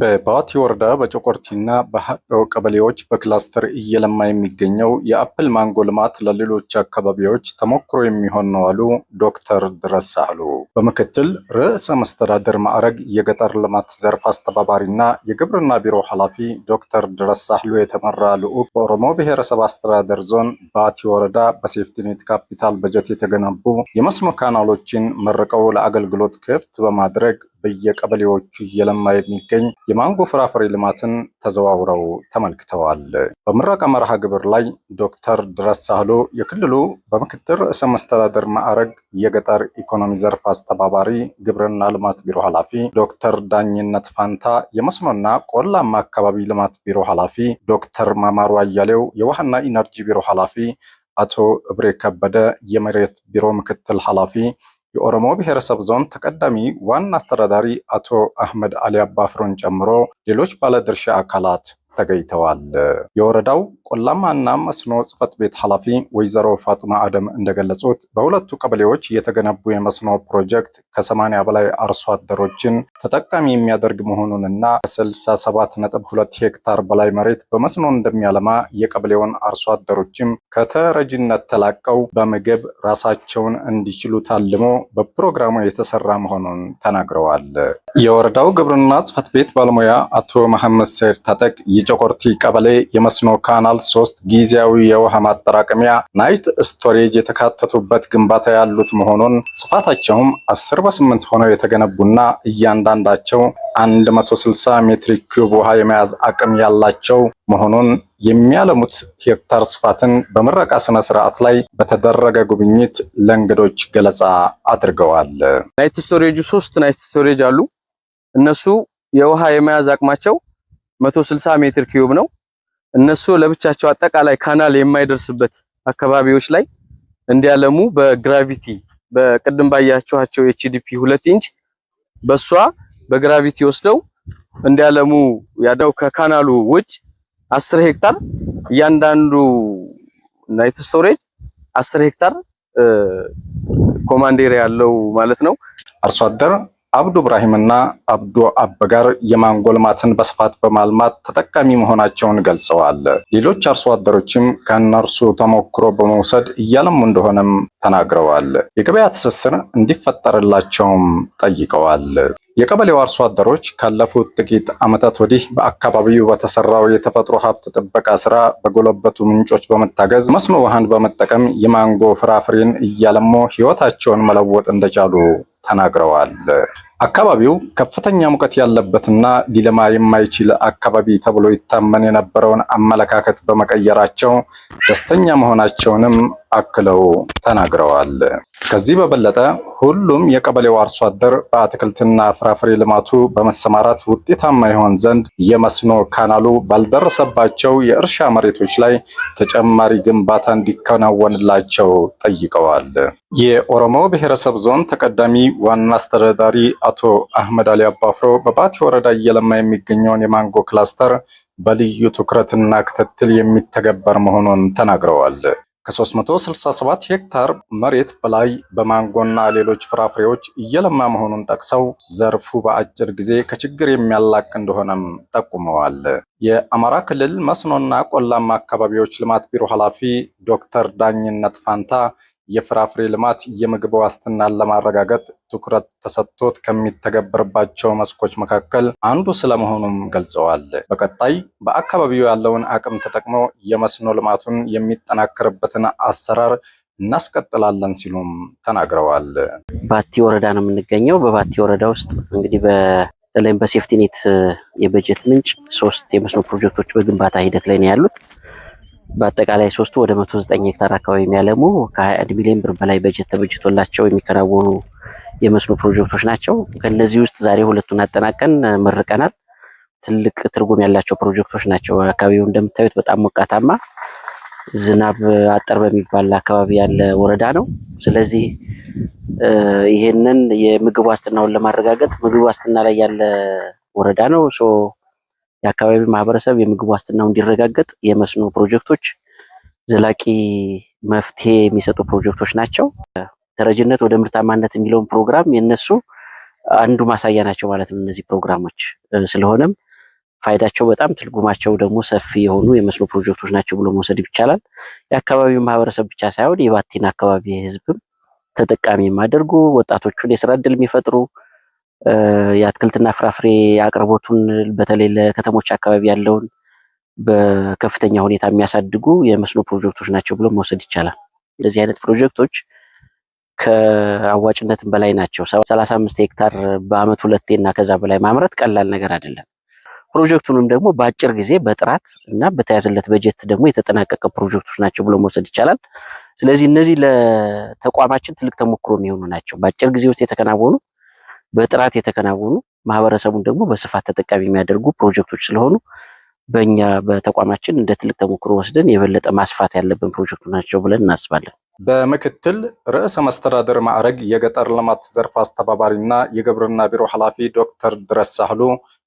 በባቲ ወረዳ በጨቆርቲና በሀዶ ቀበሌዎች በክላስተር እየለማ የሚገኘው የአፕል ማንጎ ልማት ለሌሎች አካባቢዎች ተሞክሮ የሚሆን ነው አሉ ዶክተር ድረስ አሉ። በምክትል ርዕሰ መስተዳድር ማዕረግ የገጠር ልማት ዘርፍ አስተባባሪና የግብርና ቢሮ ኃላፊ ዶክተር ድረስ ሳህሉ የተመራ ልዑክ በኦሮሞ ብሔረሰብ አስተዳደር ዞን ባቲ ወረዳ በሴፍቲኔት ካፒታል በጀት የተገነቡ የመስኖ ካናሎችን መርቀው ለአገልግሎት ክፍት በማድረግ በየቀበሌዎቹ እየለማ የሚገኝ የማንጎ ፍራፍሬ ልማትን ተዘዋውረው ተመልክተዋል። በምረቃ መርሃ ግብር ላይ ዶክተር ድረስ ሳህሎ የክልሉ በምክትል ርዕሰ መስተዳደር ማዕረግ የገጠር ኢኮኖሚ ዘርፍ አስተባባሪ ግብርና ልማት ቢሮ ኃላፊ፣ ዶክተር ዳኝነት ፋንታ የመስኖና ቆላማ አካባቢ ልማት ቢሮ ኃላፊ፣ ዶክተር ማማሩ አያሌው የውሃና ኢነርጂ ቢሮ ኃላፊ አቶ እብሬ ከበደ የመሬት ቢሮ ምክትል ኃላፊ የኦሮሞ ብሔረሰብ ዞን ተቀዳሚ ዋና አስተዳዳሪ አቶ አህመድ አሊ አባፍሮን ጨምሮ ሌሎች ባለድርሻ አካላት ተገኝተዋል። የወረዳው ቆላማና መስኖ ጽህፈት ቤት ኃላፊ ወይዘሮ ፋጡማ አደም እንደገለጹት በሁለቱ ቀበሌዎች የተገነቡ የመስኖ ፕሮጀክት ከ80 በላይ አርሶ አደሮችን ተጠቃሚ የሚያደርግ መሆኑንና ከ67.2 ሄክታር በላይ መሬት በመስኖ እንደሚያለማ የቀበሌውን አርሶ አደሮችም ከተረጅነት ተላቀው በምግብ ራሳቸውን እንዲችሉ ታልሞ በፕሮግራሙ የተሰራ መሆኑን ተናግረዋል። የወረዳው ግብርና ጽህፈት ቤት ባለሙያ አቶ መሐመድ ሰይድ ታጠቅ የጨቆርቲ ቀበሌ የመስኖ ካናል ሆስፒታል ሶስት ጊዜያዊ የውሃ ማጠራቀሚያ ናይት ስቶሬጅ የተካተቱበት ግንባታ ያሉት መሆኑን ስፋታቸውም 10 በ8 ሆነው የተገነቡና እያንዳንዳቸው 160 ሜትሪክ ኪዩብ ውሃ የመያዝ አቅም ያላቸው መሆኑን የሚያለሙት ሄክታር ስፋትን በምረቃ ስነ ስርዓት ላይ በተደረገ ጉብኝት ለእንግዶች ገለጻ አድርገዋል። ናይት ስቶሬጁ ሶስት ናይት ስቶሬጅ አሉ። እነሱ የውሃ የመያዝ አቅማቸው 160 ሜትር ኪዩብ ነው። እነሱ ለብቻቸው አጠቃላይ ካናል የማይደርስበት አካባቢዎች ላይ እንዲያለሙ በግራቪቲ በቅድም ባያችኋቸው ኤችዲፒ ሁለት ኢንች በሷ በግራቪቲ ወስደው እንዲያለሙ ያደው ከካናሉ ውጭ 10 ሄክታር እያንዳንዱ ናይት ስቶሬጅ 10 ሄክታር ኮማንዴር ያለው ማለት ነው አርሶ አደር አብዱ ኢብራሂምና አብዱ አበጋር ልማትን በስፋት በማልማት ተጠቃሚ መሆናቸውን ገልጸዋል። ሌሎች አርሶ አደሮችም ከእነርሱ ተሞክሮ በመውሰድ እያለሙ እንደሆነም ተናግረዋል። የገበያ ትስስር እንዲፈጠርላቸውም ጠይቀዋል። የቀበሌው አርሶ አደሮች ካለፉት ጥቂት ዓመታት ወዲህ በአካባቢው በተሰራው የተፈጥሮ ሀብት ጥበቃ ስራ በጎለበቱ ምንጮች በመታገዝ መስኖ ውሃን በመጠቀም የማንጎ ፍራፍሬን እያለሙ ሕይወታቸውን መለወጥ እንደቻሉ ተናግረዋል። አካባቢው ከፍተኛ ሙቀት ያለበትና ሊለማ የማይችል አካባቢ ተብሎ ይታመን የነበረውን አመለካከት በመቀየራቸው ደስተኛ መሆናቸውንም አክለው ተናግረዋል። ከዚህ በበለጠ ሁሉም የቀበሌው አርሶ አደር በአትክልትና ፍራፍሬ ልማቱ በመሰማራት ውጤታማ ይሆን ዘንድ የመስኖ ካናሉ ባልደረሰባቸው የእርሻ መሬቶች ላይ ተጨማሪ ግንባታ እንዲከናወንላቸው ጠይቀዋል። የኦሮሞ ብሔረሰብ ዞን ተቀዳሚ ዋና አስተዳዳሪ አቶ አህመድ አሊ አባፍሮ በባቲ ወረዳ እየለማ የሚገኘውን የማንጎ ክላስተር በልዩ ትኩረትና ክትትል የሚተገበር መሆኑን ተናግረዋል። ከ367 ሄክታር መሬት በላይ በማንጎና ሌሎች ፍራፍሬዎች እየለማ መሆኑን ጠቅሰው ዘርፉ በአጭር ጊዜ ከችግር የሚያላቅ እንደሆነም ጠቁመዋል። የአማራ ክልል መስኖና ቆላማ አካባቢዎች ልማት ቢሮ ኃላፊ ዶክተር ዳኝነት ፋንታ የፍራፍሬ ልማት የምግብ ዋስትናን ለማረጋገጥ ትኩረት ተሰጥቶት ከሚተገበርባቸው መስኮች መካከል አንዱ ስለመሆኑም ገልጸዋል። በቀጣይ በአካባቢው ያለውን አቅም ተጠቅሞ የመስኖ ልማቱን የሚጠናከርበትን አሰራር እናስቀጥላለን ሲሉም ተናግረዋል። ባቲ ወረዳ ነው የምንገኘው። በባቲ ወረዳ ውስጥ እንግዲህ በተለይም በሴፍቲኔት የበጀት ምንጭ ሶስት የመስኖ ፕሮጀክቶች በግንባታ ሂደት ላይ ነው ያሉት። በአጠቃላይ ሶስቱ ወደ 109 ሄክታር አካባቢ የሚያለሙ ከ21 ሚሊዮን ብር በላይ በጀት ተበጅቶላቸው የሚከናወኑ የመስኖ ፕሮጀክቶች ናቸው። ከእነዚህ ውስጥ ዛሬ ሁለቱን አጠናቀን መርቀናል። ትልቅ ትርጉም ያላቸው ፕሮጀክቶች ናቸው። አካባቢው እንደምታዩት በጣም ሞቃታማ ዝናብ አጠር በሚባል አካባቢ ያለ ወረዳ ነው። ስለዚህ ይሄንን የምግብ ዋስትናውን ለማረጋገጥ ምግብ ዋስትና ላይ ያለ ወረዳ ነው። የአካባቢ ማህበረሰብ የምግብ ዋስትናው እንዲረጋገጥ የመስኖ ፕሮጀክቶች ዘላቂ መፍትሄ የሚሰጡ ፕሮጀክቶች ናቸው። ተረጅነት ወደ ምርታማነት የሚለውን ፕሮግራም የነሱ አንዱ ማሳያ ናቸው ማለት ነው እነዚህ ፕሮግራሞች። ስለሆነም ፋይዳቸው በጣም ትርጉማቸው ደግሞ ሰፊ የሆኑ የመስኖ ፕሮጀክቶች ናቸው ብሎ መውሰድ ይቻላል። የአካባቢው ማህበረሰብ ብቻ ሳይሆን የባቲን አካባቢ ህዝብም ተጠቃሚ የማደርጉ ወጣቶቹን የስራ እድል የሚፈጥሩ የአትክልትና ፍራፍሬ አቅርቦቱን በተለይ ለከተሞች አካባቢ ያለውን በከፍተኛ ሁኔታ የሚያሳድጉ የመስኖ ፕሮጀክቶች ናቸው ብሎ መውሰድ ይቻላል። እንደዚህ አይነት ፕሮጀክቶች ከአዋጭነትም በላይ ናቸው። ሰላሳ አምስት ሄክታር በአመት ሁለቴ እና ከዛ በላይ ማምረት ቀላል ነገር አይደለም። ፕሮጀክቱንም ደግሞ በአጭር ጊዜ በጥራት እና በተያዘለት በጀት ደግሞ የተጠናቀቀ ፕሮጀክቶች ናቸው ብሎ መውሰድ ይቻላል። ስለዚህ እነዚህ ለተቋማችን ትልቅ ተሞክሮ የሚሆኑ ናቸው። በአጭር ጊዜ ውስጥ የተከናወኑ በጥራት የተከናወኑ ማህበረሰቡን ደግሞ በስፋት ተጠቃሚ የሚያደርጉ ፕሮጀክቶች ስለሆኑ በእኛ በተቋማችን እንደ ትልቅ ተሞክሮ ወስደን የበለጠ ማስፋት ያለብን ፕሮጀክቱ ናቸው ብለን እናስባለን። በምክትል ርዕሰ መስተዳደር ማዕረግ የገጠር ልማት ዘርፍ አስተባባሪና የግብርና ቢሮ ኃላፊ ዶክተር ድረስ ሳህሉ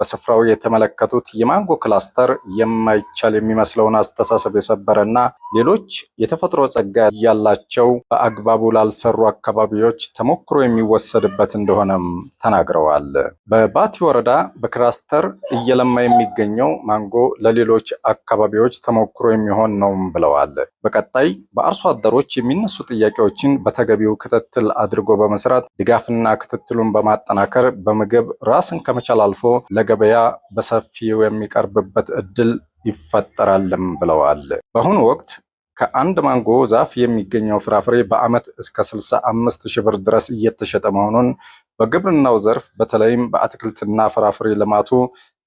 በስፍራው የተመለከቱት የማንጎ ክላስተር የማይቻል የሚመስለውን አስተሳሰብ የሰበረ እና ሌሎች የተፈጥሮ ጸጋ ያላቸው በአግባቡ ላልሰሩ አካባቢዎች ተሞክሮ የሚወሰድበት እንደሆነም ተናግረዋል። በባቲ ወረዳ በክላስተር እየለማ የሚገኘው ማንጎ ለሌሎች አካባቢዎች ተሞክሮ የሚሆን ነውም ብለዋል። በቀጣይ በአርሶ አደሮች የሚነሱ ጥያቄዎችን በተገቢው ክትትል አድርጎ በመስራት ድጋፍና ክትትሉን በማጠናከር በምግብ ራስን ከመቻል አልፎ ገበያ በሰፊው የሚቀርብበት እድል ይፈጠራልም ብለዋል። በአሁኑ ወቅት ከአንድ ማንጎ ዛፍ የሚገኘው ፍራፍሬ በዓመት እስከ 65 ሺህ ብር ድረስ እየተሸጠ መሆኑን በግብርናው ዘርፍ በተለይም በአትክልትና ፍራፍሬ ልማቱ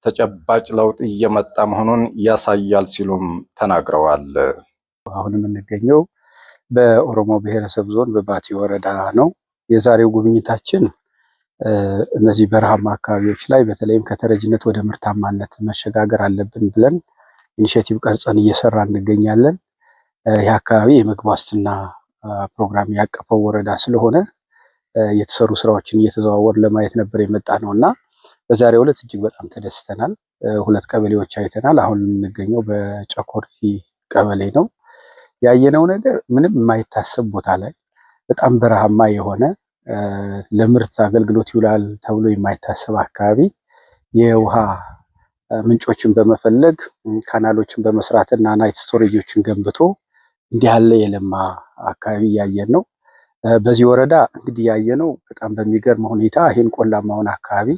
ተጨባጭ ለውጥ እየመጣ መሆኑን ያሳያል ሲሉም ተናግረዋል። አሁን የምንገኘው በኦሮሞ ብሔረሰብ ዞን በባቲ ወረዳ ነው። የዛሬው ጉብኝታችን እነዚህ በረሃማ አካባቢዎች ላይ በተለይም ከተረጅነት ወደ ምርታማነት መሸጋገር አለብን ብለን ኢኒሽቲቭ ቀርጸን እየሰራ እንገኛለን። ይህ አካባቢ የምግብ ዋስትና ፕሮግራም ያቀፈው ወረዳ ስለሆነ የተሰሩ ስራዎችን እየተዘዋወር ለማየት ነበር የመጣ ነው እና በዛሬው ዕለት እጅግ በጣም ተደስተናል። ሁለት ቀበሌዎች አይተናል። አሁን የምንገኘው በጨኮርቲ ቀበሌ ነው። ያየነው ነገር ምንም የማይታሰብ ቦታ ላይ በጣም በረሃማ የሆነ ለምርት አገልግሎት ይውላል ተብሎ የማይታሰብ አካባቢ የውሃ ምንጮችን በመፈለግ ካናሎችን በመስራት እና ናይት ስቶሬጆችን ገንብቶ እንዲህ ያለ የለማ አካባቢ እያየን ነው። በዚህ ወረዳ እንግዲህ ነው። በጣም በሚገርም ሁኔታ ይህን ቆላማውን አካባቢ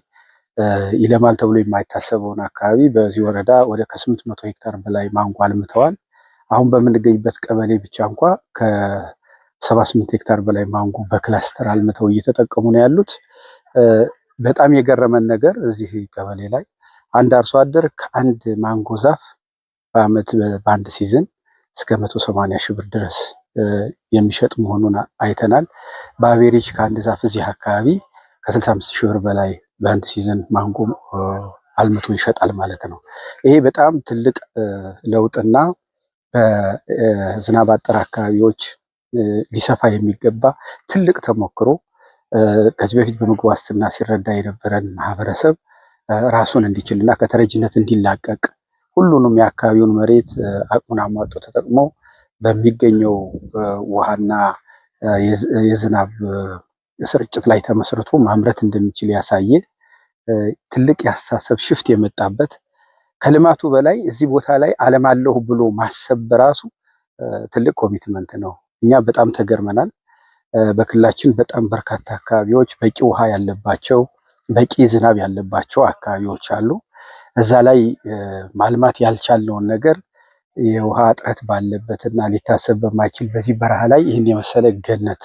ይለማል ተብሎ የማይታሰበውን አካባቢ በዚህ ወረዳ ወደ ከስምንት መቶ ሄክታር በላይ ማንጎ አልምተዋል። አሁን በምንገኝበት ቀበሌ ብቻ እንኳ ሰባ ስምንት ሄክታር በላይ ማንጎ በክላስተር አልምተው እየተጠቀሙ ነው ያሉት። በጣም የገረመን ነገር እዚህ ቀበሌ ላይ አንድ አርሶ አደር ከአንድ ማንጎ ዛፍ በአመት በአንድ ሲዝን እስከ መቶ ሰማንያ ሺህ ብር ድረስ የሚሸጥ መሆኑን አይተናል። በአቬሬጅ ከአንድ ዛፍ እዚህ አካባቢ ከስልሳ አምስት ሺህ ብር በላይ በአንድ ሲዝን ማንጎ አልምቶ ይሸጣል ማለት ነው። ይሄ በጣም ትልቅ ለውጥና በዝናብ አጠር አካባቢዎች ሊሰፋ የሚገባ ትልቅ ተሞክሮ ከዚህ በፊት በምግብ ዋስትና ሲረዳ የነበረን ማህበረሰብ ራሱን እንዲችልና ከተረጅነት እንዲላቀቅ ሁሉንም የአካባቢውን መሬት አቅሙን አሟጦ ተጠቅሞ በሚገኘው ውሃና የዝናብ ስርጭት ላይ ተመስርቶ ማምረት እንደሚችል ያሳየ ትልቅ የአስተሳሰብ ሽፍት የመጣበት ከልማቱ በላይ እዚህ ቦታ ላይ አለም አለሁ ብሎ ማሰብ በራሱ ትልቅ ኮሚትመንት ነው። እኛ በጣም ተገርመናል። በክልላችን በጣም በርካታ አካባቢዎች በቂ ውሃ ያለባቸው በቂ ዝናብ ያለባቸው አካባቢዎች አሉ። እዛ ላይ ማልማት ያልቻልነውን ነገር የውሃ እጥረት ባለበትና ሊታሰብ በማይችል በዚህ በረሃ ላይ ይህን የመሰለ ገነት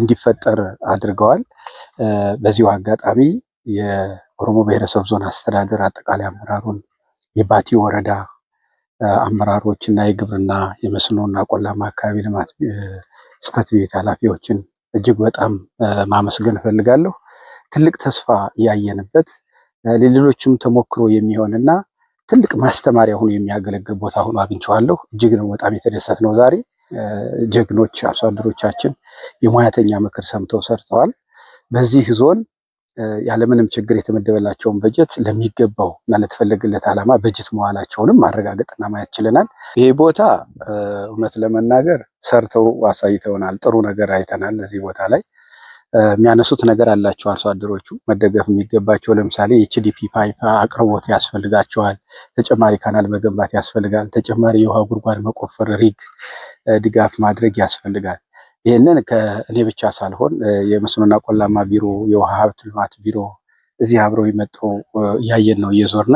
እንዲፈጠር አድርገዋል። በዚሁ አጋጣሚ የኦሮሞ ብሔረሰብ ዞን አስተዳደር አጠቃላይ አመራሩን የባቲ ወረዳ አመራሮች እና የግብርና የመስኖና ቆላማ አካባቢ ልማት ጽሕፈት ቤት ኃላፊዎችን እጅግ በጣም ማመስገን እፈልጋለሁ። ትልቅ ተስፋ ያየንበት ለሌሎችም ተሞክሮ የሚሆንና ትልቅ ማስተማሪያ ሆኖ የሚያገለግል ቦታ ሆኖ አግኝቼዋለሁ። እጅግ ነው በጣም የተደሰት ነው። ዛሬ ጀግኖች አርሶ አደሮቻችን የሙያተኛ ምክር ሰምተው ሰርተዋል። በዚህ ዞን ያለምንም ችግር የተመደበላቸውን በጀት ለሚገባው እና ለተፈለገለት ዓላማ በጀት መዋላቸውንም ማረጋገጥና ማየት ችለናል። ይህ ቦታ እውነት ለመናገር ሰርተው አሳይተውናል። ጥሩ ነገር አይተናል። እዚህ ቦታ ላይ የሚያነሱት ነገር አላቸው። አርሶ አደሮቹ መደገፍ የሚገባቸው ለምሳሌ የኤችዲፒ ፓይፕ አቅርቦት ያስፈልጋቸዋል። ተጨማሪ ካናል መገንባት ያስፈልጋል። ተጨማሪ የውሃ ጉድጓድ መቆፈር፣ ሪግ ድጋፍ ማድረግ ያስፈልጋል። ይህንን ከእኔ ብቻ ሳልሆን የመስኖና ቆላማ ቢሮ፣ የውሃ ሀብት ልማት ቢሮ እዚህ አብረው የመጡ እያየን ነው እየዞርነ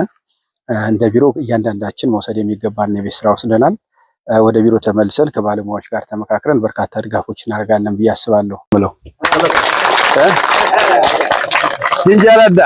እንደ ቢሮ እያንዳንዳችን መውሰድ የሚገባን የቤት ስራ ወስደናል። ወደ ቢሮ ተመልሰን ከባለሙያዎች ጋር ተመካክረን በርካታ ድጋፎች እናደርጋለን ብዬ አስባለሁ። ብለው ሲንጀረዳ